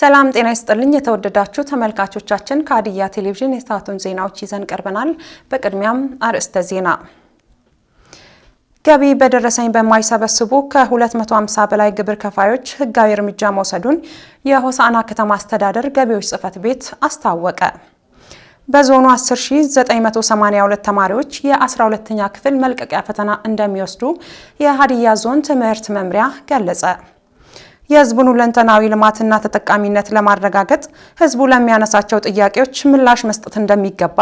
ሰላም ጤና ይስጥልኝ። የተወደዳችሁ ተመልካቾቻችን ከሀዲያ ቴሌቪዥን የሰዓቱን ዜናዎች ይዘን ቀርበናል። በቅድሚያም አርዕስተ ዜና። ገቢ በደረሰኝ በማይሰበስቡ ከ250 በላይ ግብር ከፋዮች ህጋዊ እርምጃ መውሰዱን የሆሳዕና ከተማ አስተዳደር ገቢዎች ጽሕፈት ቤት አስታወቀ። በዞኑ 10982 ተማሪዎች የ12ኛ ክፍል መልቀቂያ ፈተና እንደሚወስዱ የሀዲያ ዞን ትምህርት መምሪያ ገለጸ። የህዝቡን ሁለንተናዊ ልማትና ተጠቃሚነት ለማረጋገጥ ህዝቡ ለሚያነሳቸው ጥያቄዎች ምላሽ መስጠት እንደሚገባ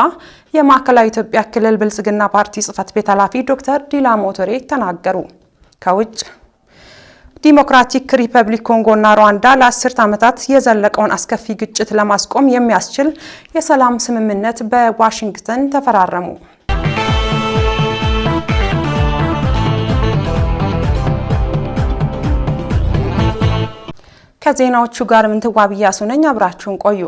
የማዕከላዊ ኢትዮጵያ ክልል ብልጽግና ፓርቲ ጽህፈት ቤት ኃላፊ ዶክተር ዲላ ሞቶሬ ተናገሩ። ከውጭ ዲሞክራቲክ ሪፐብሊክ ኮንጎና ሩዋንዳ ለአስርት ዓመታት የዘለቀውን አስከፊ ግጭት ለማስቆም የሚያስችል የሰላም ስምምነት በዋሽንግተን ተፈራረሙ። ከዜናዎቹ ጋር ምንትዋብ እያሱ ነኝ። አብራችሁን ቆዩ።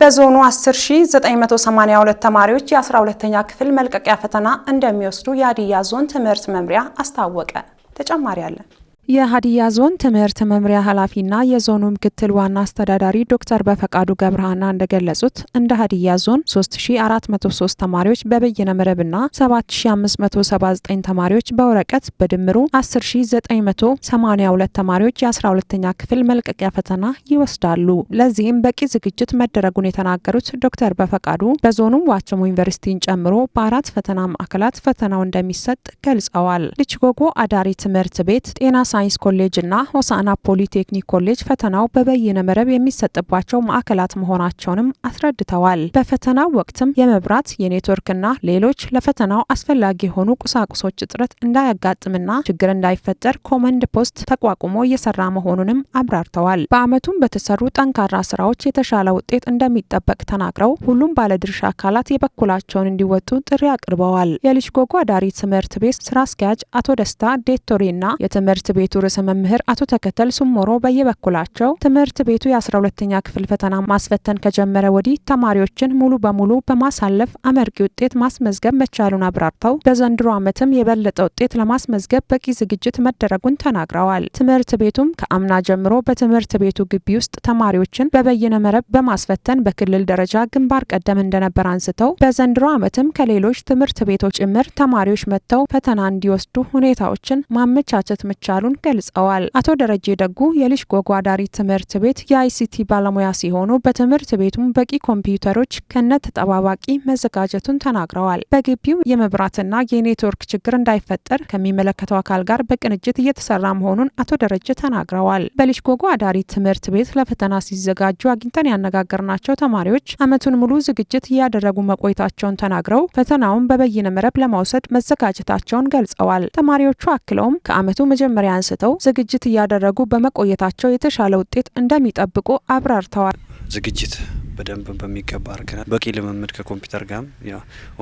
በዞኑ 10982 ተማሪዎች የ12ኛ ክፍል መልቀቂያ ፈተና እንደሚወስዱ የሀዲያ ዞን ትምህርት መምሪያ አስታወቀ። ተጨማሪ አለን። የሀዲያ ዞን ትምህርት መምሪያ ኃላፊና የዞኑ ምክትል ዋና አስተዳዳሪ ዶክተር በፈቃዱ ገብረሃና እንደገለጹት እንደ ሀዲያ ዞን 3403 ተማሪዎች በበይነ መረብና 7579 ተማሪዎች በወረቀት በድምሩ 10982 ተማሪዎች የ12ኛ ክፍል መልቀቂያ ፈተና ይወስዳሉ። ለዚህም በቂ ዝግጅት መደረጉን የተናገሩት ዶክተር በፈቃዱ በዞኑ ዋቸሞ ዩኒቨርሲቲን ጨምሮ በአራት ፈተና ማዕከላት ፈተናው እንደሚሰጥ ገልጸዋል። ልችጎጎ አዳሪ ትምህርት ቤት ጤና ሳይንስ ኮሌጅ እና ሆሳና ፖሊቴክኒክ ኮሌጅ ፈተናው በበይነ መረብ የሚሰጥባቸው ማዕከላት መሆናቸውንም አስረድተዋል። በፈተናው ወቅትም የመብራት የኔትወርክና ሌሎች ለፈተናው አስፈላጊ የሆኑ ቁሳቁሶች እጥረት እንዳያጋጥምና ችግር እንዳይፈጠር ኮመንድ ፖስት ተቋቁሞ እየሰራ መሆኑንም አብራርተዋል። በአመቱም በተሰሩ ጠንካራ ስራዎች የተሻለ ውጤት እንደሚጠበቅ ተናግረው ሁሉም ባለድርሻ አካላት የበኩላቸውን እንዲወጡ ጥሪ አቅርበዋል። የልጅ ጎጎ አዳሪ ትምህርት ቤት ስራ አስኪያጅ አቶ ደስታ ዴቶሬና የትምህርት ቤት ቤቱ ርዕሰ መምህር አቶ ተከተል ሱሞሮ በየበኩላቸው ትምህርት ቤቱ የአስራ ሁለተኛ ክፍል ፈተና ማስፈተን ከጀመረ ወዲህ ተማሪዎችን ሙሉ በሙሉ በማሳለፍ አመርቂ ውጤት ማስመዝገብ መቻሉን አብራርተው በዘንድሮ ዓመትም የበለጠ ውጤት ለማስመዝገብ በቂ ዝግጅት መደረጉን ተናግረዋል። ትምህርት ቤቱም ከአምና ጀምሮ በትምህርት ቤቱ ግቢ ውስጥ ተማሪዎችን በበይነ መረብ በማስፈተን በክልል ደረጃ ግንባር ቀደም እንደነበር አንስተው በዘንድሮ ዓመትም ከሌሎች ትምህርት ቤቶች ጭምር ተማሪዎች መጥተው ፈተና እንዲወስዱ ሁኔታዎችን ማመቻቸት መቻሉን መሆኑን ገልጸዋል። አቶ ደረጀ ደጉ የልጅ ጎጓዳሪ ትምህርት ቤት የአይሲቲ ባለሙያ ሲሆኑ በትምህርት ቤቱም በቂ ኮምፒውተሮች ከነ ተጠባባቂ መዘጋጀቱን ተናግረዋል። በግቢው የመብራትና የኔትወርክ ችግር እንዳይፈጠር ከሚመለከተው አካል ጋር በቅንጅት እየተሰራ መሆኑን አቶ ደረጀ ተናግረዋል። በልጅ ጎጎ አዳሪ ትምህርት ቤት ለፈተና ሲዘጋጁ አግኝተን ያነጋገርናቸው ተማሪዎች ዓመቱን ሙሉ ዝግጅት እያደረጉ መቆየታቸውን ተናግረው ፈተናውን በበይነ መረብ ለማውሰድ መዘጋጀታቸውን ገልጸዋል። ተማሪዎቹ አክለውም ከዓመቱ መጀመሪያ አንስተው ዝግጅት እያደረጉ በመቆየታቸው የተሻለ ውጤት እንደሚጠብቁ አብራርተዋል። ዝግጅት በደንብ በሚገባ አድርገናል። በቂ ልምምድ ከኮምፒውተር ጋም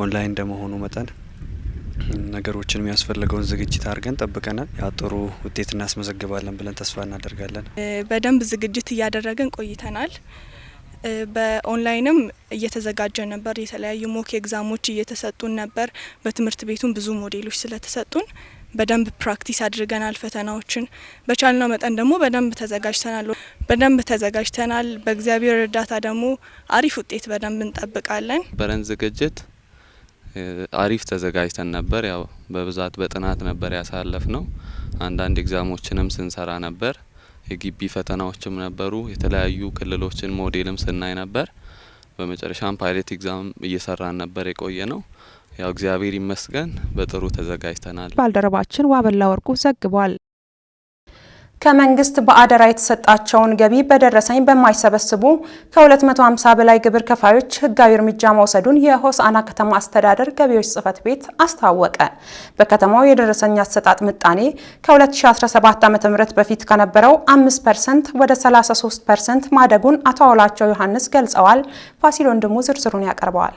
ኦንላይን እንደመሆኑ መጠን ነገሮችን የሚያስፈልገውን ዝግጅት አድርገን ጠብቀናል። ያ ጥሩ ውጤት እናስመዘግባለን ብለን ተስፋ እናደርጋለን። በደንብ ዝግጅት እያደረግን ቆይተናል። በኦንላይንም እየተዘጋጀ ነበር። የተለያዩ ሞክ ኤግዛሞች እየተሰጡን ነበር። በትምህርት ቤቱም ብዙ ሞዴሎች ስለተሰጡን በደንብ ፕራክቲስ አድርገናል። ፈተናዎችን በቻልነው መጠን ደግሞ በደንብ ተዘጋጅተናል በደንብ ተዘጋጅተናል። በእግዚአብሔር እርዳታ ደግሞ አሪፍ ውጤት በደንብ እንጠብቃለን። በረን ዝግጅት አሪፍ ተዘጋጅተን ነበር። ያው በብዛት በጥናት ነበር ያሳለፍ ነው። አንዳንድ ኤግዛሞችንም ስንሰራ ነበር። የግቢ ፈተናዎችም ነበሩ። የተለያዩ ክልሎችን ሞዴልም ስናይ ነበር። በመጨረሻም ፓይለት ኤግዛም እየሰራን ነበር የቆየ ነው። ያው እግዚአብሔር ይመስገን በጥሩ ተዘጋጅተናል። ባልደረባችን ዋበላ ወርቁ ዘግቧል። ከመንግስት በአደራ የተሰጣቸውን ገቢ በደረሰኝ በማይሰበስቡ ከ250 በላይ ግብር ከፋዮች ህጋዊ እርምጃ መውሰዱን የሆሳዕና ከተማ አስተዳደር ገቢዎች ጽህፈት ቤት አስታወቀ። በከተማው የደረሰኝ አሰጣጥ ምጣኔ ከ2017 ዓ.ም በፊት ከነበረው 5 ፐርሰንት ወደ 33 ፐርሰንት ማደጉን አቶ አውላቸው ዮሐንስ ገልጸዋል። ፋሲል ወንድሙ ዝርዝሩን ያቀርበዋል።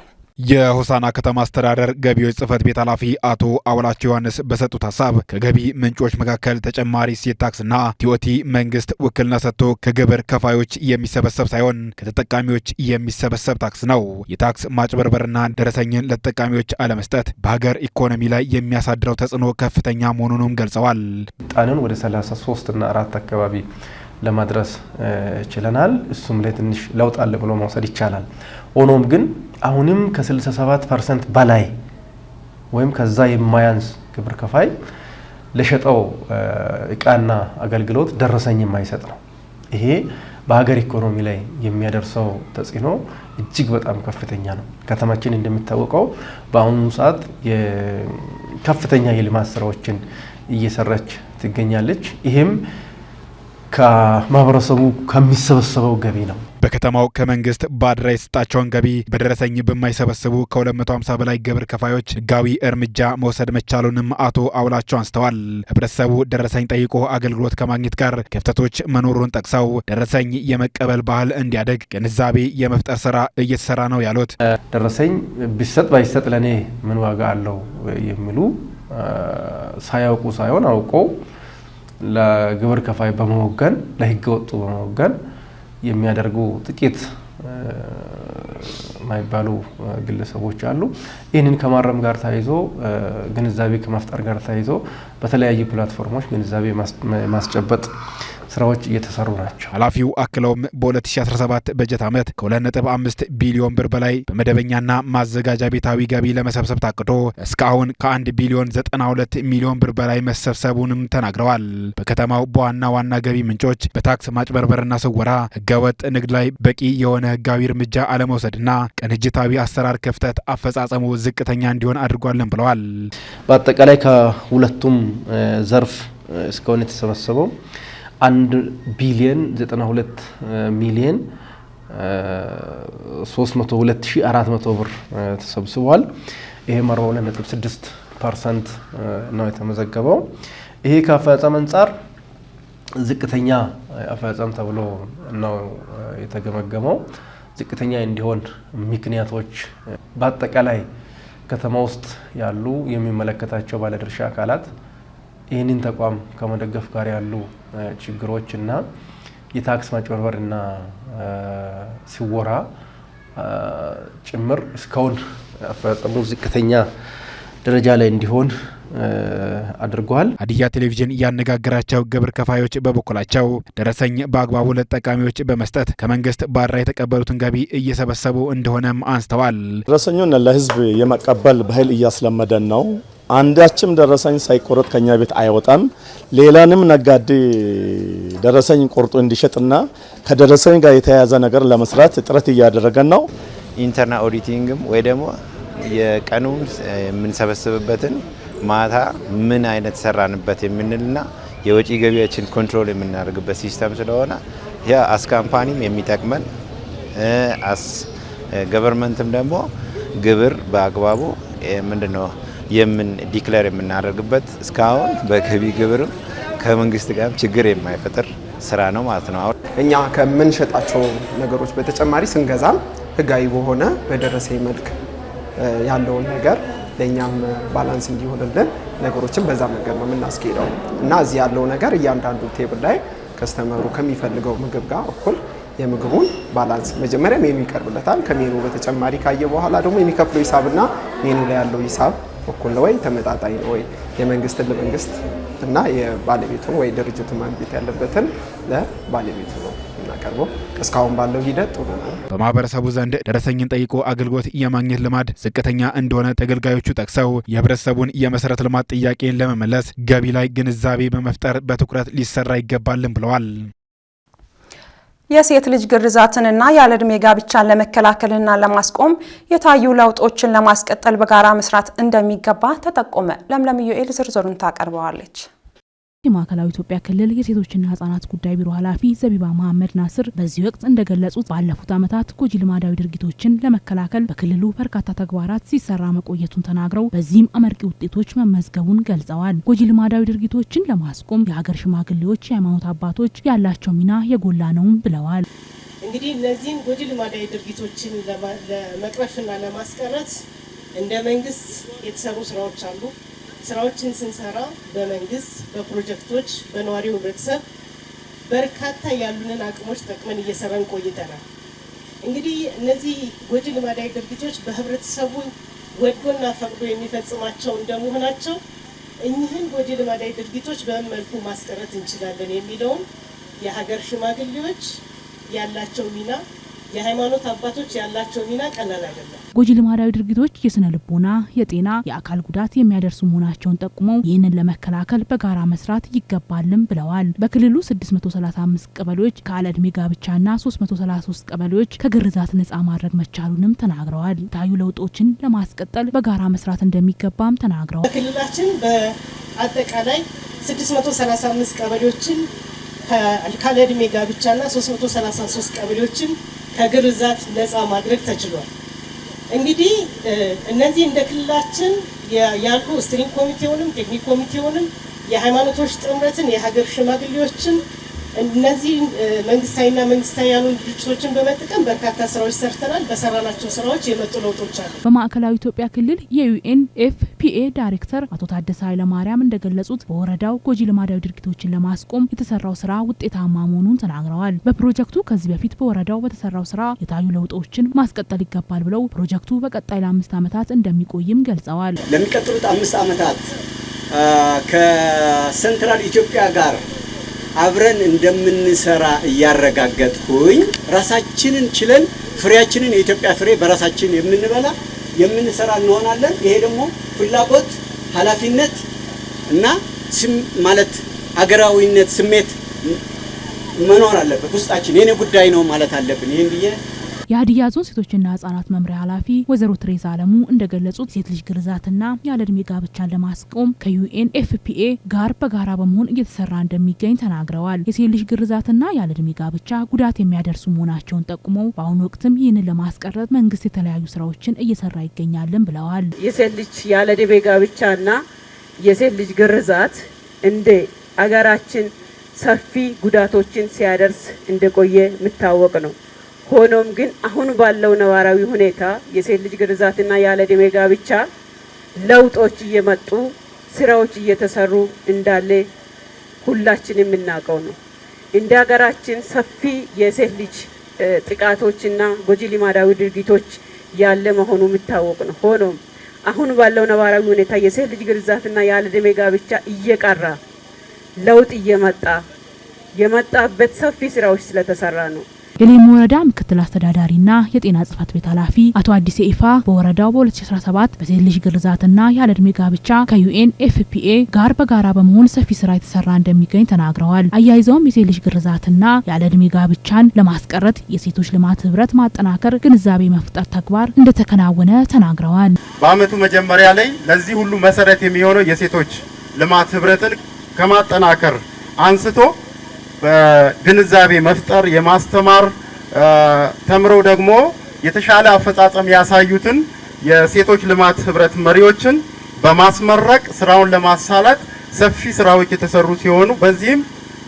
የሆሳና ከተማ አስተዳደር ገቢዎች ጽህፈት ቤት ኃላፊ አቶ አውላቸው ዮሐንስ በሰጡት ሀሳብ ከገቢ ምንጮች መካከል ተጨማሪ እሴት ታክስና ቲኦቲ መንግስት ውክልና ሰጥቶ ከግብር ከፋዮች የሚሰበሰብ ሳይሆን ከተጠቃሚዎች የሚሰበሰብ ታክስ ነው። የታክስ ማጭበርበርና ደረሰኝን ለተጠቃሚዎች አለመስጠት በሀገር ኢኮኖሚ ላይ የሚያሳድረው ተጽዕኖ ከፍተኛ መሆኑንም ገልጸዋል። ጣንን ወደ 33 እና አራት አካባቢ ለማድረስ ችለናል። እሱም ላይ ትንሽ ለውጥ አለ ብሎ መውሰድ ይቻላል። ሆኖም ግን አሁንም ከ67 ፐርሰንት በላይ ወይም ከዛ የማያንስ ግብር ከፋይ ለሸጠው እቃና አገልግሎት ደረሰኝ የማይሰጥ ነው። ይሄ በሀገር ኢኮኖሚ ላይ የሚያደርሰው ተጽዕኖ እጅግ በጣም ከፍተኛ ነው። ከተማችን እንደሚታወቀው በአሁኑ ሰዓት ከፍተኛ የልማት ስራዎችን እየሰራች ትገኛለች። ይህም ከማህበረሰቡ ከሚሰበሰበው ገቢ ነው። በከተማው ከመንግስት ባድራ የተሰጣቸውን ገቢ በደረሰኝ በማይሰበስቡ ከ250 በላይ ግብር ከፋዮች ህጋዊ እርምጃ መውሰድ መቻሉንም አቶ አውላቸው አንስተዋል። ህብረተሰቡ ደረሰኝ ጠይቆ አገልግሎት ከማግኘት ጋር ክፍተቶች መኖሩን ጠቅሰው ደረሰኝ የመቀበል ባህል እንዲያደግ ግንዛቤ የመፍጠር ስራ እየተሰራ ነው ያሉት፣ ደረሰኝ ቢሰጥ ባይሰጥ ለእኔ ምን ዋጋ አለው የሚሉ ሳያውቁ ሳይሆን አውቀው ለግብር ከፋይ በመወገን ለህገ ወጡ በመወገን የሚያደርጉ ጥቂት የማይባሉ ግለሰቦች አሉ። ይህንን ከማረም ጋር ተያይዞ ግንዛቤ ከመፍጠር ጋር ተያይዞ በተለያዩ ፕላትፎርሞች ግንዛቤ ማስጨበጥ ስራዎች እየተሰሩ ናቸው። ኃላፊው አክለውም በ2017 በጀት ዓመት ከ2.5 ቢሊዮን ብር በላይ በመደበኛና ማዘጋጃ ቤታዊ ገቢ ለመሰብሰብ ታቅዶ እስካሁን ከ1 ቢሊዮን 92 ሚሊዮን ብር በላይ መሰብሰቡንም ተናግረዋል። በከተማው በዋና ዋና ገቢ ምንጮች በታክስ ማጭበርበርና ስወራ፣ ህገወጥ ንግድ ላይ በቂ የሆነ ህጋዊ እርምጃ አለመውሰድና ቅንጅታዊ አሰራር ክፍተት አፈጻጸሙ ዝቅተኛ እንዲሆን አድርጓልን ብለዋል። በአጠቃላይ ከሁለቱም ዘርፍ እስካሁን የተሰበሰበው አንድ ቢሊየን 92 ሚሊየን 302400 ብር ተሰብስቧል። ይሄም 42.6 ፐርሰንት ነው የተመዘገበው። ይሄ ከአፈጻጸም አንጻር ዝቅተኛ አፈጻጸም ተብሎ ነው የተገመገመው። ዝቅተኛ እንዲሆን ምክንያቶች በአጠቃላይ ከተማ ውስጥ ያሉ የሚመለከታቸው ባለድርሻ አካላት ይህንን ተቋም ከመደገፍ ጋር ያሉ ችግሮች እና የታክስ ማጭበርበር እና ሲወራ ጭምር እስካሁን አፈጻጸሙ ዝቅተኛ ደረጃ ላይ እንዲሆን አድርጓል። ሀዲያ ቴሌቪዥን እያነጋገራቸው ግብር ከፋዮች በበኩላቸው ደረሰኝ በአግባቡ ለተጠቃሚዎች በመስጠት ከመንግስት ባራ የተቀበሉትን ገቢ እየሰበሰቡ እንደሆነም አንስተዋል። ደረሰኙን ለህዝብ የመቀበል ባህል እያስለመደን ነው። አንዳችም ደረሰኝ ሳይቆረጥ ከኛ ቤት አይወጣም። ሌላንም ነጋዴ ደረሰኝ ቆርጦ እንዲሸጥና ከደረሰኝ ጋር የተያያዘ ነገር ለመስራት ጥረት እያደረገን ነው። ኢንተርና ኦዲቲንግም ወይ ደግሞ የቀኑ የምንሰበስብበትን ማታ ምን አይነት ሰራንበት የምንልና የወጪ ገቢያችን ኮንትሮል የምናደርግበት ሲስተም ስለሆነ ያ አስ ካምፓኒም የሚጠቅመን አስ ገቨርንመንትም ደግሞ ግብር በአግባቡ ምንድን ነው የምን ዲክለር የምናደርግበት እስካሁን በገቢ ግብርም ከመንግስት ጋር ችግር የማይፈጥር ስራ ነው ማለት ነው። አሁን እኛ ከምንሸጣቸው ነገሮች በተጨማሪ ስንገዛም ህጋዊ በሆነ በደረሰ መልክ ያለውን ነገር ለእኛም ባላንስ እንዲሆንልን ነገሮችን በዛ መንገድ ነው የምናስኬደው እና እዚህ ያለው ነገር እያንዳንዱ ቴብል ላይ ከስተመሩ ከሚፈልገው ምግብ ጋር እኩል የምግቡን ባላንስ መጀመሪያ ሜኑ ይቀርብለታል። ከሜኑ በተጨማሪ ካየ በኋላ ደግሞ የሚከፍለው ሂሳብና ሜኑ ላይ ያለው ሂሳብ እኩል ነው ወይ ተመጣጣኝ ነው ወይ የመንግስትን ለመንግስት እና የባለቤቱን ወይ ድርጅቱን ማግኘት ያለበትን ለባለቤቱ ነው የምናቀርበው። እስካሁን ባለው ሂደት ጥሩ ነው። በማህበረሰቡ ዘንድ ደረሰኝን ጠይቆ አገልግሎት የማግኘት ልማድ ዝቅተኛ እንደሆነ ተገልጋዮቹ ጠቅሰው የህብረተሰቡን የመሰረተ ልማት ጥያቄ ለመመለስ ገቢ ላይ ግንዛቤ በመፍጠር በትኩረት ሊሰራ ይገባልን ብለዋል። የሴት ልጅ ግርዛትንና ያለዕድሜ ጋብቻን ለመከላከልና ለማስቆም የታዩ ለውጦችን ለማስቀጠል በጋራ መስራት እንደሚገባ ተጠቆመ። ለምለም ዩኤል ዝርዝሩን ታቀርበዋለች። የማዕከላዊ ኢትዮጵያ ክልል የሴቶችና ህጻናት ጉዳይ ቢሮ ኃላፊ ዘቢባ መሐመድ ናስር በዚህ ወቅት እንደገለጹት ባለፉት ዓመታት ጎጂ ልማዳዊ ድርጊቶችን ለመከላከል በክልሉ በርካታ ተግባራት ሲሰራ መቆየቱን ተናግረው በዚህም አመርቂ ውጤቶች መመዝገቡን ገልጸዋል። ጎጂ ልማዳዊ ድርጊቶችን ለማስቆም የሀገር ሽማግሌዎች፣ የሃይማኖት አባቶች ያላቸው ሚና የጎላ ነውም ብለዋል። እንግዲህ እነዚህን ጎጂ ልማዳዊ ድርጊቶችን ለመቅረፍና ለማስቀረት እንደ መንግስት የተሰሩ ስራዎች አሉ። ስራዎችን ስንሰራ በመንግስት በፕሮጀክቶች በነዋሪው ህብረተሰብ በርካታ ያሉንን አቅሞች ጠቅመን እየሰራን ቆይተናል። እንግዲህ እነዚህ ጎጂ ልማዳዊ ድርጊቶች በህብረተሰቡ ወዶና ፈቅዶ የሚፈጽማቸው እንደመሆናቸው እኚህን ጎጂ ልማዳዊ ድርጊቶች በምን መልኩ ማስቀረት እንችላለን የሚለውም የሀገር ሽማግሌዎች ያላቸው ሚና የሃይማኖት አባቶች ያላቸው ሚና ቀላል አይደለም። ጎጂ ልማዳዊ ድርጊቶች የስነ ልቦና፣ የጤና፣ የአካል ጉዳት የሚያደርሱ መሆናቸውን ጠቁመው ይህንን ለመከላከል በጋራ መስራት ይገባልም ብለዋል። በክልሉ 635 ቀበሌዎች ከአለድሜ ዕድሜ ጋብቻና 333 ቀበሌዎች ከግርዛት ነጻ ማድረግ መቻሉንም ተናግረዋል። የታዩ ለውጦችን ለማስቀጠል በጋራ መስራት እንደሚገባም ተናግረዋል። በክልላችን በአጠቃላይ 635 ቀበሌዎችን ካለ ዕድሜ ጋብቻና 333 ቀበሌዎችን ከግርዛት ነፃ ማድረግ ተችሏል። እንግዲህ እነዚህ እንደ ክልላችን ያሉ ስትሪንግ ኮሚቴውንም ቴክኒክ ኮሚቴውንም የሃይማኖቶች ጥምረትን የሀገር ሽማግሌዎችን እነዚህ መንግስታዊና መንግስታዊ ያልሆኑ ድርጅቶችን በመጠቀም በርካታ ስራዎች ሰርተናል። በሰራናቸው ስራዎች የመጡ ለውጦች አሉ። በማዕከላዊ ኢትዮጵያ ክልል የዩኤን ኤፍ ፒኤ ዳይሬክተር አቶ ታደሰ ኃይለማርያም እንደገለጹት በወረዳው ጎጂ ልማዳዊ ድርጊቶችን ለማስቆም የተሰራው ስራ ውጤታማ መሆኑን ተናግረዋል። በፕሮጀክቱ ከዚህ በፊት በወረዳው በተሰራው ስራ የታዩ ለውጦችን ማስቀጠል ይገባል ብለው ፕሮጀክቱ በቀጣይ ለአምስት ዓመታት እንደሚቆይም ገልጸዋል። ለሚቀጥሉት አምስት ዓመታት ከሴንትራል ኢትዮጵያ ጋር አብረን እንደምንሰራ እያረጋገጥኩኝ ራሳችንን ችለን ፍሬያችንን የኢትዮጵያ ፍሬ በራሳችን የምንበላ የምንሰራ እንሆናለን። ይሄ ደግሞ ፍላጎት፣ ኃላፊነት እና ማለት አገራዊነት ስሜት መኖር አለበት ውስጣችን። የኔ ጉዳይ ነው ማለት አለብን። ይህን ብዬ የሀዲያ ዞን ሴቶችና ህጻናት መምሪያ ኃላፊ ወይዘሮ ትሬዛ አለሙ እንደገለጹት ሴት ልጅ ግርዛትና ያለ እድሜ ጋብቻን ለማስቆም ከዩኤን ኤፍፒኤ ጋር በጋራ በመሆን እየተሰራ እንደሚገኝ ተናግረዋል። የሴት ልጅ ግርዛትና ያለ ጋብቻ ጉዳት የሚያደርሱ መሆናቸውን ጠቁመው በአሁኑ ወቅትም ይህንን ለማስቀረት መንግስት የተለያዩ ስራዎችን እየሰራ ይገኛልን ብለዋል። የሴት ልጅ ያለ ጋብቻና የሴት ልጅ ግርዛት እንደ አገራችን ሰፊ ጉዳቶችን ሲያደርስ እንደቆየ የሚታወቅ ነው። ሆኖም ግን አሁን ባለው ነባራዊ ሁኔታ የሴት ልጅ ግርዛትና ያለ ዕድሜ ጋብቻ ለውጦች እየመጡ ስራዎች እየተሰሩ እንዳለ ሁላችን የምናውቀው ነው። እንደ ሀገራችን ሰፊ የሴት ልጅ ጥቃቶችና ጎጂ ልማዳዊ ድርጊቶች ያለ መሆኑ የሚታወቅ ነው። ሆኖም አሁን ባለው ነባራዊ ሁኔታ የሴት ልጅ ግርዛትና ያለ ዕድሜ ጋብቻ እየቀራ ለውጥ እየመጣ የመጣበት ሰፊ ስራዎች ስለተሰራ ነው። የሌሞ ወረዳ ምክትል አስተዳዳሪና የጤና ጽህፈት ቤት ኃላፊ አቶ አዲስ ኢፋ በወረዳው በ2017 በሴት ልጅ ግርዛትና ያለ እድሜ ጋብቻ ከዩኤን ኤፍፒኤ ጋር በጋራ በመሆን ሰፊ ስራ የተሰራ እንደሚገኝ ተናግረዋል። አያይዘውም የሴት ልጅ ግርዛትና ያለ እድሜ ጋብቻን ለማስቀረት የሴቶች ልማት ህብረት ማጠናከር፣ ግንዛቤ መፍጠር ተግባር እንደተከናወነ ተናግረዋል። በአመቱ መጀመሪያ ላይ ለዚህ ሁሉ መሰረት የሚሆነው የሴቶች ልማት ህብረትን ከማጠናከር አንስቶ በግንዛቤ መፍጠር የማስተማር ተምረው ደግሞ የተሻለ አፈጻጸም ያሳዩትን የሴቶች ልማት ህብረት መሪዎችን በማስመረቅ ስራውን ለማሳለጥ ሰፊ ስራዎች የተሰሩ ሲሆኑ በዚህም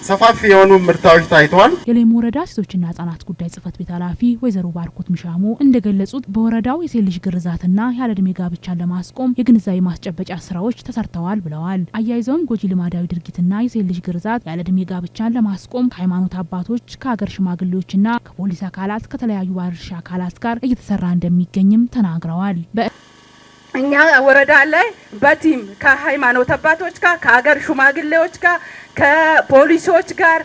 ሰፋፊ የሆኑ ምርታዎች ታይተዋል። የሌሙ ወረዳ ሴቶችና ህጻናት ጉዳይ ጽህፈት ቤት ኃላፊ ወይዘሮ ባርኮት ምሻሙ እንደገለጹት በወረዳው የሴት ልጅ ግርዛትና ያለ እድሜ ጋብቻን ለማስቆም የግንዛቤ ማስጨበጫ ስራዎች ተሰርተዋል ብለዋል። አያይዘውም ጎጂ ልማዳዊ ድርጊትና የሴት ልጅ ግርዛት ያለ እድሜ ጋብቻን ለማስቆም ከሃይማኖት አባቶች፣ ከሀገር ሽማግሌዎችና ከፖሊስ አካላት ከተለያዩ ባለድርሻ አካላት ጋር እየተሰራ እንደሚገኝም ተናግረዋል። እኛ ወረዳ ላይ በቲም ከሃይማኖት አባቶች ጋር ከሀገር ሽማግሌዎች ጋር ከፖሊሶች ጋር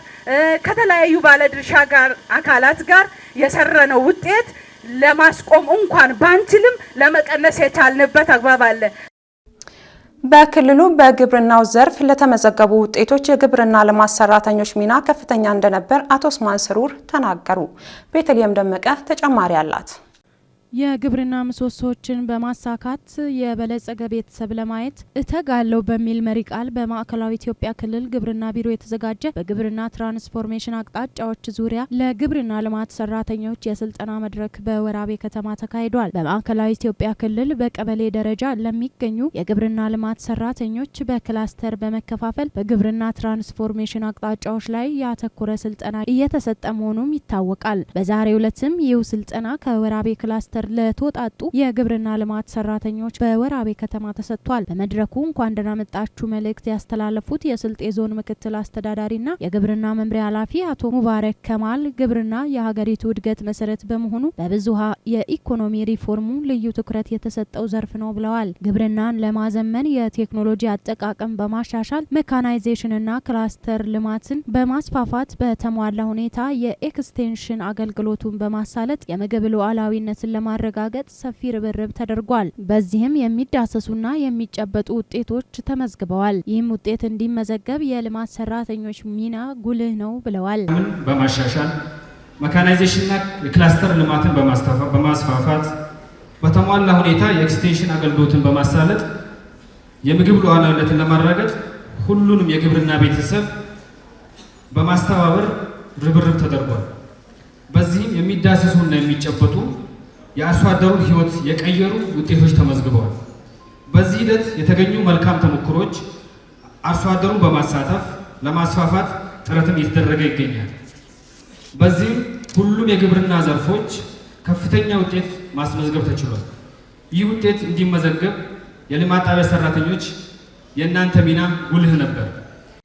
ከተለያዩ ባለድርሻ ጋር አካላት ጋር የሰራነው ውጤት ለማስቆም እንኳን ባንችልም ለመቀነስ የቻልንበት አግባብ አለ። በክልሉ በግብርናው ዘርፍ ለተመዘገቡ ውጤቶች የግብርና ልማት ሰራተኞች ሚና ከፍተኛ እንደነበር አቶ ስማን ስሩር ተናገሩ። ቤተልሔም ደመቀ ተጨማሪ አላት። የግብርና ምሰሶዎችን በማሳካት የበለጸገ ቤተሰብ ለማየት እተጋለው በሚል መሪ ቃል በማዕከላዊ ኢትዮጵያ ክልል ግብርና ቢሮ የተዘጋጀ በግብርና ትራንስፎርሜሽን አቅጣጫዎች ዙሪያ ለግብርና ልማት ሰራተኞች የስልጠና መድረክ በወራቤ ከተማ ተካሂዷል። በማዕከላዊ ኢትዮጵያ ክልል በቀበሌ ደረጃ ለሚገኙ የግብርና ልማት ሰራተኞች በክላስተር በመከፋፈል በግብርና ትራንስፎርሜሽን አቅጣጫዎች ላይ ያተኮረ ስልጠና እየተሰጠ መሆኑም ይታወቃል። በዛሬው ዕለትም ይህ ስልጠና ከወራቤ ክላስተር በማህበር ለተወጣጡ የግብርና ልማት ሰራተኞች በወራቤ ከተማ ተሰጥቷል። በመድረኩ እንኳን ደህና መጣችሁ መልእክት ያስተላለፉት የስልጤ ዞን ምክትል አስተዳዳሪና የግብርና መምሪያ ኃላፊ አቶ ሙባረክ ከማል ግብርና የሀገሪቱ እድገት መሰረት በመሆኑ በብዙሃ የኢኮኖሚ ሪፎርሙ ልዩ ትኩረት የተሰጠው ዘርፍ ነው ብለዋል። ግብርናን ለማዘመን የቴክኖሎጂ አጠቃቀም በማሻሻል ሜካናይዜሽንና ክላስተር ልማትን በማስፋፋት በተሟላ ሁኔታ የኤክስቴንሽን አገልግሎቱን በማሳለጥ የምግብ ሉዓላዊነትን ለማ ለማረጋገጥ ሰፊ ርብርብ ተደርጓል። በዚህም የሚዳሰሱና የሚጨበጡ ውጤቶች ተመዝግበዋል። ይህም ውጤት እንዲመዘገብ የልማት ሰራተኞች ሚና ጉልህ ነው ብለዋል። በማሻሻል መካናይዜሽንና የክላስተር ልማትን በማስፋፋት በተሟላ ሁኔታ የኤክስቴንሽን አገልግሎትን በማሳለጥ የምግብ ሉዓላዊነትን ለማረጋገጥ ሁሉንም የግብርና ቤተሰብ በማስተባበር ርብርብ ተደርጓል። በዚህም የሚዳሰሱና የሚጨበጡ የአርሶ አደሩን ህይወት የቀየሩ ውጤቶች ተመዝግበዋል። በዚህ ሂደት የተገኙ መልካም ተሞክሮች አርሶ አደሩን በማሳተፍ ለማስፋፋት ጥረትም እየተደረገ ይገኛል። በዚህም ሁሉም የግብርና ዘርፎች ከፍተኛ ውጤት ማስመዝገብ ተችሏል። ይህ ውጤት እንዲመዘገብ የልማት ጣቢያ ሰራተኞች የእናንተ ሚና ጉልህ ነበር።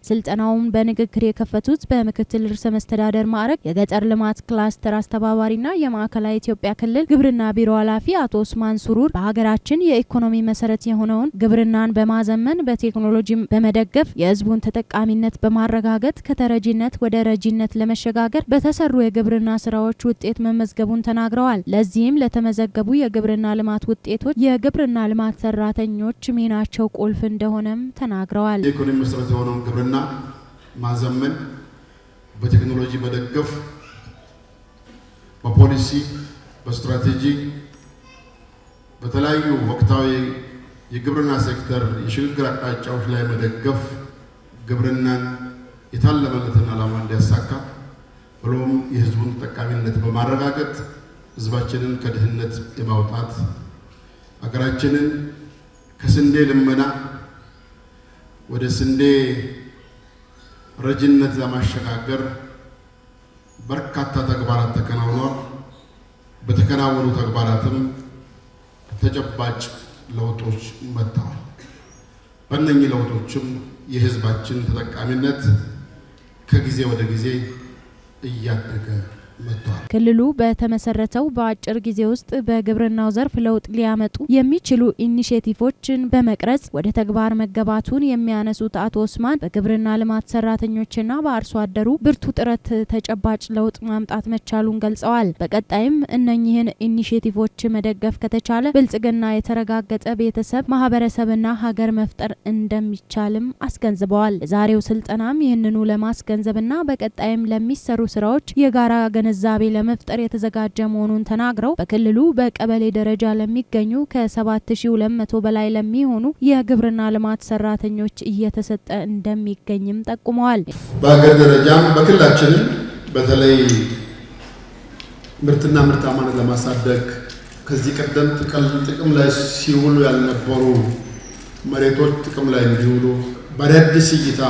ስልጠናውን በንግግር የከፈቱት በምክትል ርዕሰ መስተዳደር ማዕረግ የገጠር ልማት ክላስተር አስተባባሪና የማዕከላዊ ኢትዮጵያ ክልል ግብርና ቢሮ ኃላፊ አቶ ኡስማን ሱሩር በሀገራችን የኢኮኖሚ መሰረት የሆነውን ግብርናን በማዘመን በቴክኖሎጂ በመደገፍ የህዝቡን ተጠቃሚነት በማረጋገጥ ከተረጂነት ወደ ረጂነት ለመሸጋገር በተሰሩ የግብርና ስራዎች ውጤት መመዝገቡን ተናግረዋል። ለዚህም ለተመዘገቡ የግብርና ልማት ውጤቶች የግብርና ልማት ሰራተኞች ሚናቸው ቁልፍ እንደሆነም ተናግረዋል። የኢኮኖሚ መሰረት የሆነውን ግብርና ማዘንና ማዘመን፣ በቴክኖሎጂ መደገፍ፣ በፖሊሲ በስትራቴጂ በተለያዩ ወቅታዊ የግብርና ሴክተር የሽግግር አቅጣጫዎች ላይ መደገፍ ግብርናን የታለመለትን ዓላማ እንዲያሳካ ብሎም የህዝቡን ተጠቃሚነት በማረጋገጥ ህዝባችንን ከድህነት የማውጣት ሀገራችንን ከስንዴ ልመና ወደ ስንዴ ረጅነት ለማሸጋገር በርካታ ተግባራት ተከናውኗል። በተከናወኑ ተግባራትም ተጨባጭ ለውጦች መጥተዋል። በእነኚህ ለውጦችም የሕዝባችን ተጠቃሚነት ከጊዜ ወደ ጊዜ እያደገ ክልሉ በተመሰረተው በአጭር ጊዜ ውስጥ በግብርናው ዘርፍ ለውጥ ሊያመጡ የሚችሉ ኢኒሽቲቮችን በመቅረጽ ወደ ተግባር መገባቱን የሚያነሱት አቶ ኡስማን በግብርና ልማት ሰራተኞችና በአርሶ አደሩ ብርቱ ጥረት ተጨባጭ ለውጥ ማምጣት መቻሉን ገልጸዋል። በቀጣይም እነኚህን ኢኒሽቲቮች መደገፍ ከተቻለ ብልጽግና የተረጋገጠ ቤተሰብ ማህበረሰብና ሀገር መፍጠር እንደሚቻልም አስገንዝበዋል። የዛሬው ስልጠናም ይህንኑ ለማስገንዘብና በቀጣይም ለሚሰሩ ስራዎች የጋራ ገነ ግንዛቤ ለመፍጠር የተዘጋጀ መሆኑን ተናግረው በክልሉ በቀበሌ ደረጃ ለሚገኙ ከ7200 በላይ ለሚሆኑ የግብርና ልማት ሰራተኞች እየተሰጠ እንደሚገኝም ጠቁመዋል። በሀገር ደረጃም በክልላችንም በተለይ ምርትና ምርታማነት ለማሳደግ ከዚህ ቀደም ጥቅም ላይ ሲውሉ ያልነበሩ መሬቶች ጥቅም ላይ እንዲውሉ በአዳዲስ እይታ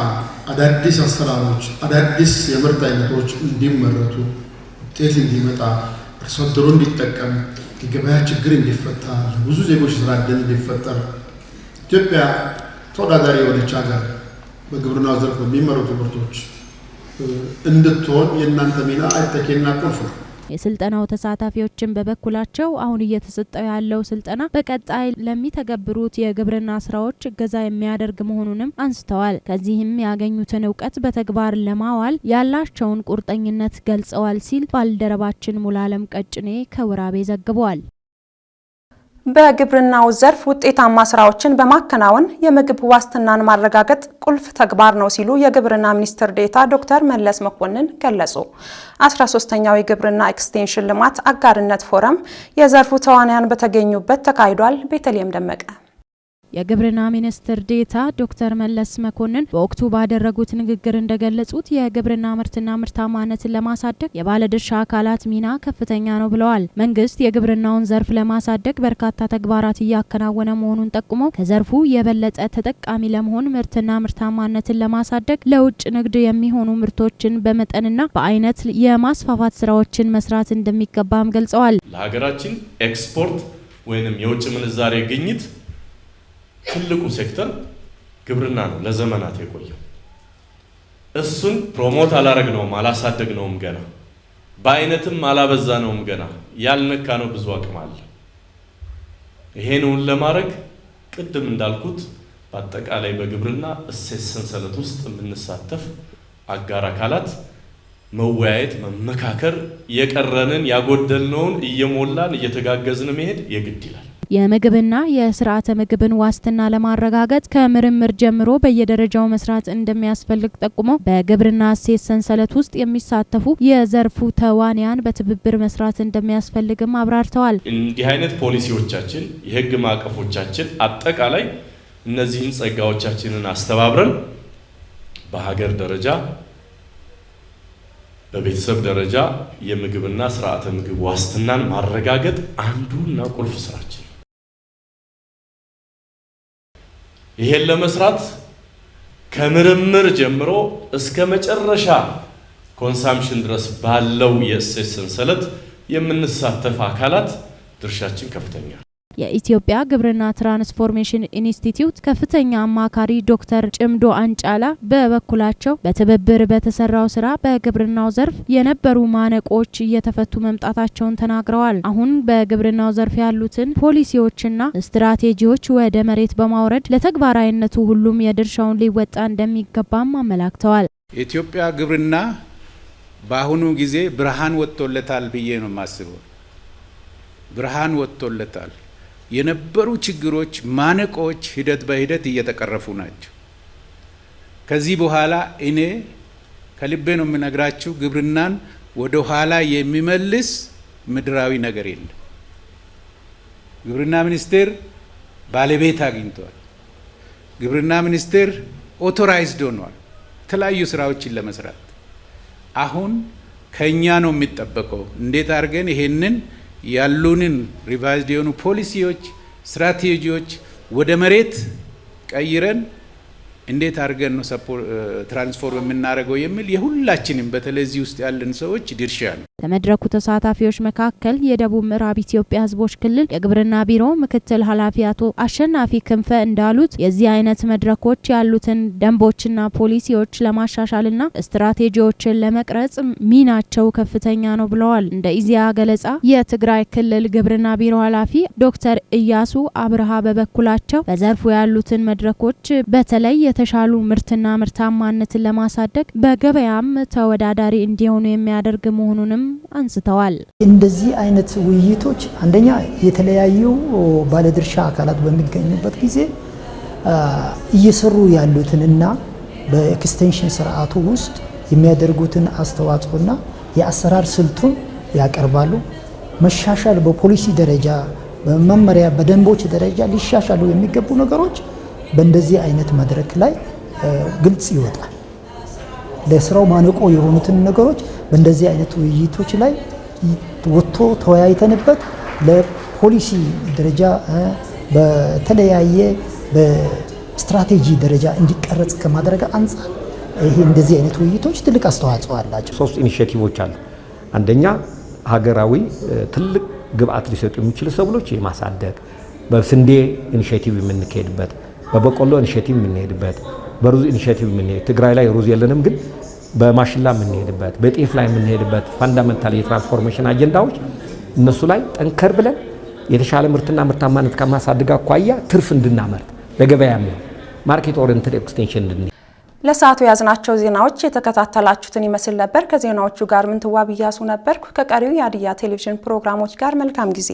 አዳዲስ አሰራሮች፣ አዳዲስ የምርት አይነቶች እንዲመረቱ ውጤት እንዲመጣ አርሶ አደሩ እንዲጠቀም የገበያ ችግር እንዲፈታ ለብዙ ዜጎች ስራ ዕድል እንዲፈጠር ኢትዮጵያ ተወዳዳሪ የሆነች ሀገር በግብርናው ዘርፍ በሚመረቱ ምርቶች እንድትሆን የእናንተ ሚና አይተኬና ቁልፍ ነው። የስልጠናው ተሳታፊዎችን በበኩላቸው አሁን እየተሰጠው ያለው ስልጠና በቀጣይ ለሚተገብሩት የግብርና ስራዎች እገዛ የሚያደርግ መሆኑንም አንስተዋል። ከዚህም ያገኙትን እውቀት በተግባር ለማዋል ያላቸውን ቁርጠኝነት ገልጸዋል ሲል ባልደረባችን ሙላለም ቀጭኔ ከውራቤ ዘግቧል። በግብርናው ዘርፍ ውጤታማ ስራዎችን በማከናወን የምግብ ዋስትናን ማረጋገጥ ቁልፍ ተግባር ነው ሲሉ የግብርና ሚኒስትር ዴታ ዶክተር መለስ መኮንን ገለጹ። 13ኛው የግብርና ኤክስቴንሽን ልማት አጋርነት ፎረም የዘርፉ ተዋንያን በተገኙበት ተካሂዷል። ቤተልሔም ደመቀ የግብርና ሚኒስትር ዴታ ዶክተር መለስ መኮንን በወቅቱ ባደረጉት ንግግር እንደገለጹት የግብርና ምርትና ምርታማነትን ለማሳደግ የባለድርሻ አካላት ሚና ከፍተኛ ነው ብለዋል። መንግስት የግብርናውን ዘርፍ ለማሳደግ በርካታ ተግባራት እያከናወነ መሆኑን ጠቁሞ ከዘርፉ የበለጠ ተጠቃሚ ለመሆን ምርትና ምርታማነትን ለማሳደግ ለውጭ ንግድ የሚሆኑ ምርቶችን በመጠንና በአይነት የማስፋፋት ስራዎችን መስራት እንደሚገባም ገልጸዋል። ለሀገራችን ኤክስፖርት ወይም የውጭ ምንዛሬ ግኝት ትልቁ ሴክተር ግብርና ነው፣ ለዘመናት የቆየው እሱን ፕሮሞት አላረግነውም፣ ነውም ገና በአይነትም አላበዛ ነውም ገና ያልነካ ነው። ብዙ አቅም አለ። ይሄንውን ለማድረግ ቅድም እንዳልኩት በአጠቃላይ በግብርና እሴት ሰንሰለት ውስጥ የምንሳተፍ አጋር አካላት መወያየት፣ መመካከር፣ የቀረንን ያጎደልነውን እየሞላን እየተጋገዝን መሄድ የግድ ይላል። የምግብና የስርዓተ ምግብን ዋስትና ለማረጋገጥ ከምርምር ጀምሮ በየደረጃው መስራት እንደሚያስፈልግ ጠቁመው በግብርና እሴት ሰንሰለት ውስጥ የሚሳተፉ የዘርፉ ተዋንያን በትብብር መስራት እንደሚያስፈልግም አብራርተዋል። እንዲህ አይነት ፖሊሲዎቻችን፣ የህግ ማዕቀፎቻችን አጠቃላይ እነዚህን ጸጋዎቻችንን አስተባብረን በሀገር ደረጃ በቤተሰብ ደረጃ የምግብና ስርዓተ ምግብ ዋስትናን ማረጋገጥ አንዱና ቁልፍ ስራችን ይሄን ለመስራት ከምርምር ጀምሮ እስከ መጨረሻ ኮንሳምሽን ድረስ ባለው የእሴት ሰንሰለት የምንሳተፍ አካላት ድርሻችን ከፍተኛ የኢትዮጵያ ግብርና ትራንስፎርሜሽን ኢንስቲትዩት ከፍተኛ አማካሪ ዶክተር ጭምዶ አንጫላ በበኩላቸው በትብብር በተሰራው ስራ በግብርናው ዘርፍ የነበሩ ማነቆች እየተፈቱ መምጣታቸውን ተናግረዋል። አሁን በግብርናው ዘርፍ ያሉትን ፖሊሲዎችና ስትራቴጂዎች ወደ መሬት በማውረድ ለተግባራዊነቱ ሁሉም የድርሻውን ሊወጣ እንደሚገባም አመላክተዋል። የኢትዮጵያ ግብርና በአሁኑ ጊዜ ብርሃን ወጥቶለታል ብዬ ነው የማስበው። ብርሃን ወጥቶለታል። የነበሩ ችግሮች፣ ማነቆች ሂደት በሂደት እየተቀረፉ ናቸው። ከዚህ በኋላ እኔ ከልቤ ነው የምነግራችሁ፣ ግብርናን ወደ ኋላ የሚመልስ ምድራዊ ነገር የለም። ግብርና ሚኒስቴር ባለቤት አግኝተዋል። ግብርና ሚኒስቴር ኦቶራይዝድ ሆኗል የተለያዩ ስራዎችን ለመስራት። አሁን ከእኛ ነው የሚጠበቀው እንዴት አድርገን ይሄንን ያሉንን ሪቫይዝድ የሆኑ ፖሊሲዎች፣ ስትራቴጂዎች ወደ መሬት ቀይረን እንዴት አድርገን ነው ትራንስፎርም የምናደርገው የሚል የሁላችንም በተለይ እዚህ ውስጥ ያለን ሰዎች ድርሻ ነው። ከመድረኩ ተሳታፊዎች መካከል የደቡብ ምዕራብ ኢትዮጵያ ሕዝቦች ክልል የግብርና ቢሮ ምክትል ኃላፊ አቶ አሸናፊ ክንፈ እንዳሉት የዚህ አይነት መድረኮች ያሉትን ደንቦችና ፖሊሲዎች ለማሻሻልና ስትራቴጂዎችን ለመቅረጽ ሚናቸው ከፍተኛ ነው ብለዋል። እንደ ኢዜአ ገለጻ የትግራይ ክልል ግብርና ቢሮ ኃላፊ ዶክተር ኢያሱ አብርሃ በበኩላቸው በዘርፉ ያሉትን መድረኮች በተለይ የተሻሉ ምርትና ምርታማነትን ለማሳደግ በገበያም ተወዳዳሪ እንዲሆኑ የሚያደርግ መሆኑንም አንስተዋል። እንደዚህ አይነት ውይይቶች አንደኛ የተለያዩ ባለድርሻ አካላት በሚገኙበት ጊዜ እየሰሩ ያሉትንና በኤክስቴንሽን ስርዓቱ ውስጥ የሚያደርጉትን አስተዋጽኦና የአሰራር ስልቱን ያቀርባሉ። መሻሻል በፖሊሲ ደረጃ በመመሪያ በደንቦች ደረጃ ሊሻሻሉ የሚገቡ ነገሮች በእንደዚህ አይነት መድረክ ላይ ግልጽ ይወጣል። ለስራው ማነቆ የሆኑትን ነገሮች በእንደዚህ አይነት ውይይቶች ላይ ወጥቶ ተወያይተንበት ለፖሊሲ ደረጃ በተለያየ በስትራቴጂ ደረጃ እንዲቀረጽ ከማድረግ አንጻር ይሄ እንደዚህ አይነት ውይይቶች ትልቅ አስተዋጽኦ አላቸው። ሶስት ኢኒሽቲቮች አሉ። አንደኛ ሀገራዊ ትልቅ ግብአት ሊሰጡ የሚችሉ ሰብሎች የማሳደግ በስንዴ ኢኒሽቲቭ የምንካሄድበት በበቆሎ ኢኒሼቲቭ የምንሄድበት በሩዝ ኢኒሼቲቭ የምንሄድ ትግራይ ላይ ሩዝ የለንም ግን በማሽላ የምንሄድበት በጤፍ ላይ የምንሄድበት ፋንዳመንታል የትራንስፎርሜሽን አጀንዳዎች እነሱ ላይ ጠንከር ብለን የተሻለ ምርትና ምርታማነት ከማሳደግ አኳያ ትርፍ እንድናመርት ለገበያ የሚሆን ማርኬት ኦሪንትድ ኤክስቴንሽን እንድን ለሰዓቱ የያዝናቸው ዜናዎች የተከታተላችሁትን ይመስል ነበር። ከዜናዎቹ ጋር ምንትዋብ እያሱ ነበርኩ። ከቀሪው የሀዲያ ቴሌቪዥን ፕሮግራሞች ጋር መልካም ጊዜ